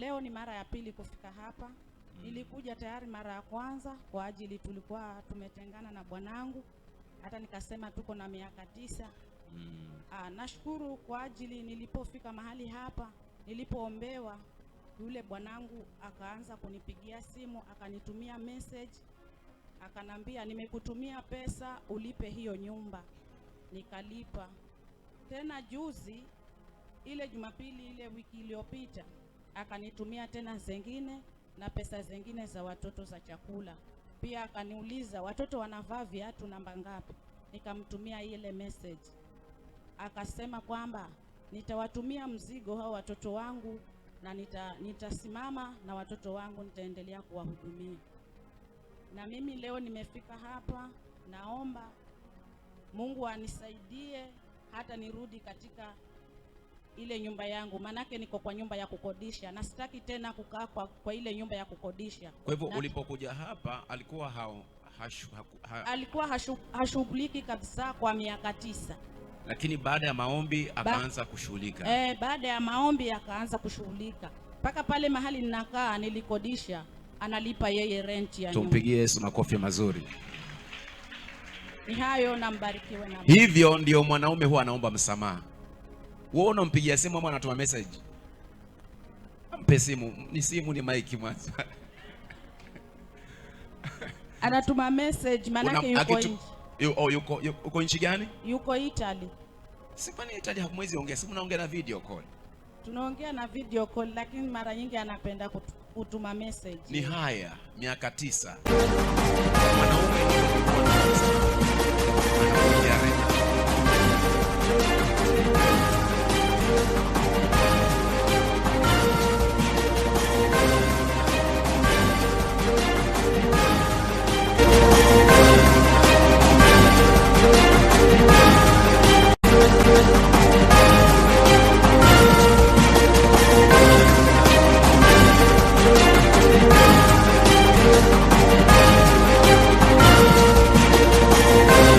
Leo ni mara ya pili kufika hapa mm. Nilikuja tayari mara ya kwanza kwa ajili tulikuwa tumetengana na bwanangu, hata nikasema tuko na miaka tisa mm. Aa, ah, nashukuru kwa ajili nilipofika mahali hapa nilipoombewa, yule bwanangu akaanza kunipigia simu akanitumia message akanambia, nimekutumia pesa ulipe hiyo nyumba, nikalipa. Tena juzi ile Jumapili ile wiki iliyopita akanitumia tena zengine na pesa zengine za watoto za chakula. Pia akaniuliza watoto wanavaa viatu namba ngapi, nikamtumia ile message. Akasema kwamba nitawatumia mzigo hao watoto wangu na nita, nitasimama na watoto wangu nitaendelea kuwahudumia. Na mimi leo nimefika hapa, naomba Mungu anisaidie hata nirudi katika ile nyumba yangu, maanake niko kwa nyumba ya kukodisha na sitaki tena kukaa kwa, kwa ile nyumba ya kukodisha. Kwa hivyo ulipokuja hapa alikuwa hao, hashu, ha, alikuwa hashu, hashughuliki kabisa kwa miaka tisa, lakini baada ya maombi akaanza ba, kushughulika eh, baada ya maombi akaanza kushughulika mpaka pale mahali ninakaa nilikodisha, analipa yeye renti ya nyumba. Tumpigie Yesu makofi mazuri. Ni hayo na mbarikiwe na Hivyo ndio mwanaume huwa anaomba msamaha. Wewe unampigia simu ama anatuma message? Ampe simu, ni simu ni mic mwanzo. Anatuma message maana yake yuko nje. Oh, yuko yuko nchi gani? Yuko Italy. Si kwani Italy hamwezi ongea simu, naongea na video call. Tunaongea na video call lakini mara nyingi anapenda kutu, kutuma message. Ni haya miaka tisa. Mwanaume